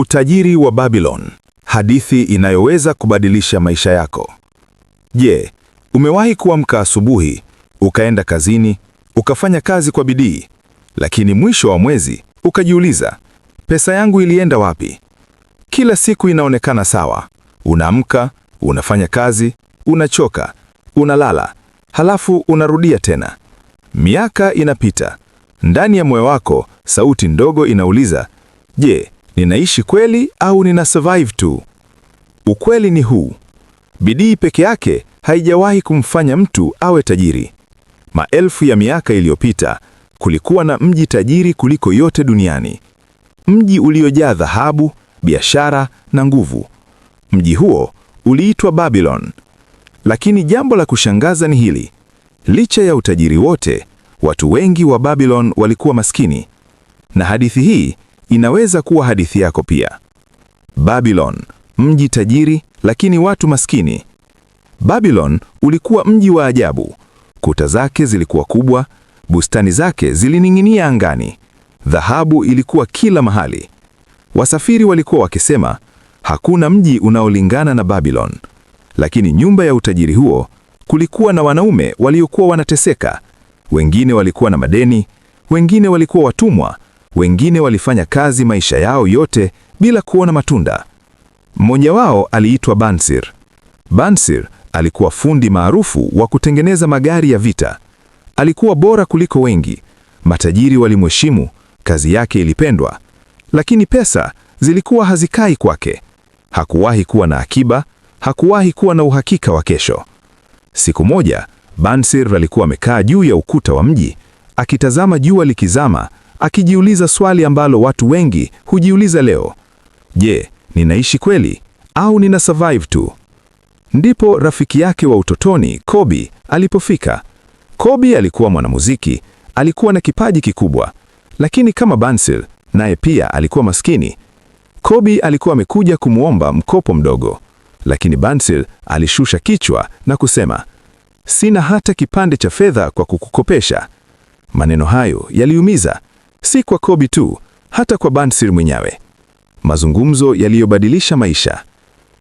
Utajiri wa Babylon, hadithi inayoweza kubadilisha maisha yako. Je, umewahi kuamka asubuhi, ukaenda kazini, ukafanya kazi kwa bidii, lakini mwisho wa mwezi ukajiuliza, pesa yangu ilienda wapi? Kila siku inaonekana sawa. Unaamka, unafanya kazi, unachoka, unalala, halafu unarudia tena. Miaka inapita. Ndani ya moyo wako sauti ndogo inauliza, je, ninaishi kweli au nina survive tu? Ukweli ni huu: bidii peke yake haijawahi kumfanya mtu awe tajiri. Maelfu ya miaka iliyopita kulikuwa na mji tajiri kuliko yote duniani, mji uliojaa dhahabu, biashara na nguvu. Mji huo uliitwa Babylon. Lakini jambo la kushangaza ni hili: licha ya utajiri wote, watu wengi wa Babylon walikuwa maskini, na hadithi hii inaweza kuwa hadithi yako pia. Babylon, mji tajiri lakini watu maskini. Babylon ulikuwa mji wa ajabu. Kuta zake zilikuwa kubwa, bustani zake zilining'inia angani, dhahabu ilikuwa kila mahali. Wasafiri walikuwa wakisema hakuna mji unaolingana na Babylon. Lakini nyumba ya utajiri huo, kulikuwa na wanaume waliokuwa wanateseka. Wengine walikuwa na madeni, wengine walikuwa watumwa wengine walifanya kazi maisha yao yote bila kuona matunda. Mmoja wao aliitwa Bansir. Bansir alikuwa fundi maarufu wa kutengeneza magari ya vita. Alikuwa bora kuliko wengi, matajiri walimheshimu, kazi yake ilipendwa, lakini pesa zilikuwa hazikai kwake. Hakuwahi kuwa na akiba, hakuwahi kuwa na uhakika wa kesho. Siku moja, Bansir alikuwa amekaa juu ya ukuta wa mji akitazama jua likizama akijiuliza swali ambalo watu wengi hujiuliza leo: je, ninaishi kweli au nina survive tu? Ndipo rafiki yake wa utotoni Kobe alipofika. Kobe alikuwa mwanamuziki, alikuwa na kipaji kikubwa, lakini kama Bansil naye pia alikuwa maskini. Kobi alikuwa amekuja kumwomba mkopo mdogo, lakini Bansil alishusha kichwa na kusema, sina hata kipande cha fedha kwa kukukopesha. Maneno hayo yaliumiza, si kwa Kobe tu, hata kwa Bansir mwenyewe. Mazungumzo yaliyobadilisha maisha.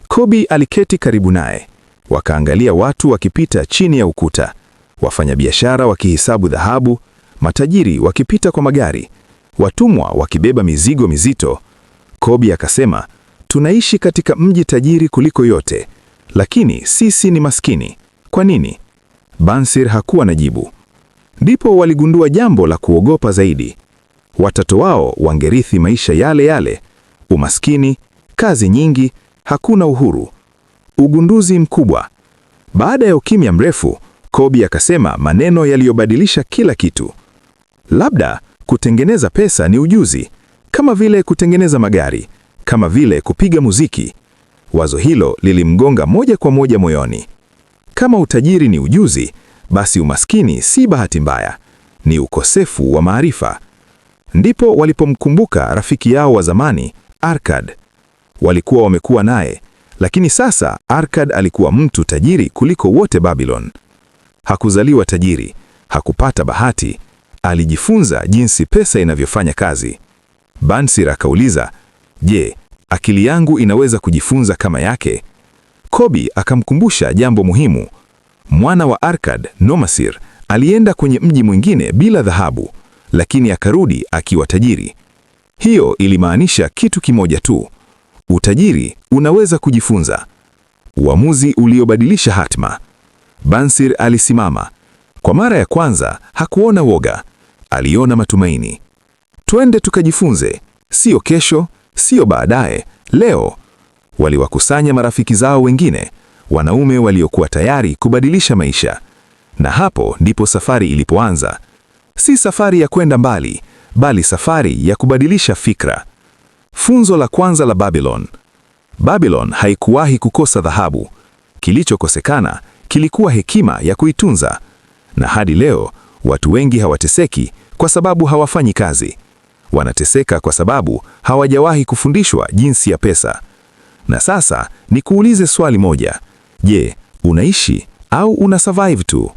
Kobe aliketi karibu naye, wakaangalia watu wakipita chini ya ukuta, wafanyabiashara wakihesabu dhahabu, matajiri wakipita kwa magari, watumwa wakibeba mizigo mizito. Kobe akasema, tunaishi katika mji tajiri kuliko yote, lakini sisi ni maskini. Kwa nini? Bansir hakuwa na jibu. Ndipo waligundua jambo la kuogopa zaidi watoto wao wangerithi maisha yale yale: umaskini, kazi nyingi, hakuna uhuru. Ugunduzi mkubwa. Baada ya ukimya mrefu, Kobi akasema maneno yaliyobadilisha kila kitu. Labda kutengeneza pesa ni ujuzi, kama vile kutengeneza magari, kama vile kupiga muziki. Wazo hilo lilimgonga moja kwa moja moyoni. Kama utajiri ni ujuzi, basi umaskini si bahati mbaya, ni ukosefu wa maarifa. Ndipo walipomkumbuka rafiki yao wa zamani Arkad. Walikuwa wamekuwa naye, lakini sasa Arkad alikuwa mtu tajiri kuliko wote Babylon. Hakuzaliwa tajiri, hakupata bahati, alijifunza jinsi pesa inavyofanya kazi. Bansir akauliza, "Je, akili yangu inaweza kujifunza kama yake?" Kobi akamkumbusha jambo muhimu. Mwana wa Arkad, Nomasir, alienda kwenye mji mwingine bila dhahabu lakini akarudi akiwa tajiri. Hiyo ilimaanisha kitu kimoja tu: utajiri unaweza kujifunza. Uamuzi uliobadilisha hatma Bansir alisimama. Kwa mara ya kwanza hakuona woga, aliona matumaini. Twende tukajifunze, sio kesho, sio baadaye, leo. Waliwakusanya marafiki zao wengine, wanaume waliokuwa tayari kubadilisha maisha, na hapo ndipo safari ilipoanza si safari ya kwenda mbali, bali safari ya kubadilisha fikra. Funzo la kwanza la Babylon. Babylon haikuwahi kukosa dhahabu. Kilichokosekana kilikuwa hekima ya kuitunza. Na hadi leo watu wengi hawateseki kwa sababu hawafanyi kazi. Wanateseka kwa sababu hawajawahi kufundishwa jinsi ya pesa. Na sasa nikuulize swali moja. Je, unaishi au una survive tu?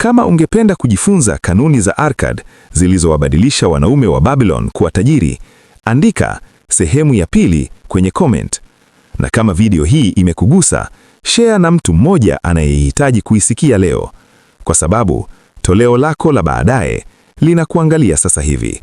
Kama ungependa kujifunza kanuni za Arkad zilizowabadilisha wanaume wa Babylon kuwa tajiri, andika sehemu ya pili kwenye comment. Na kama video hii imekugusa, share na mtu mmoja anayehitaji kuisikia leo, kwa sababu toleo lako la baadaye linakuangalia sasa hivi.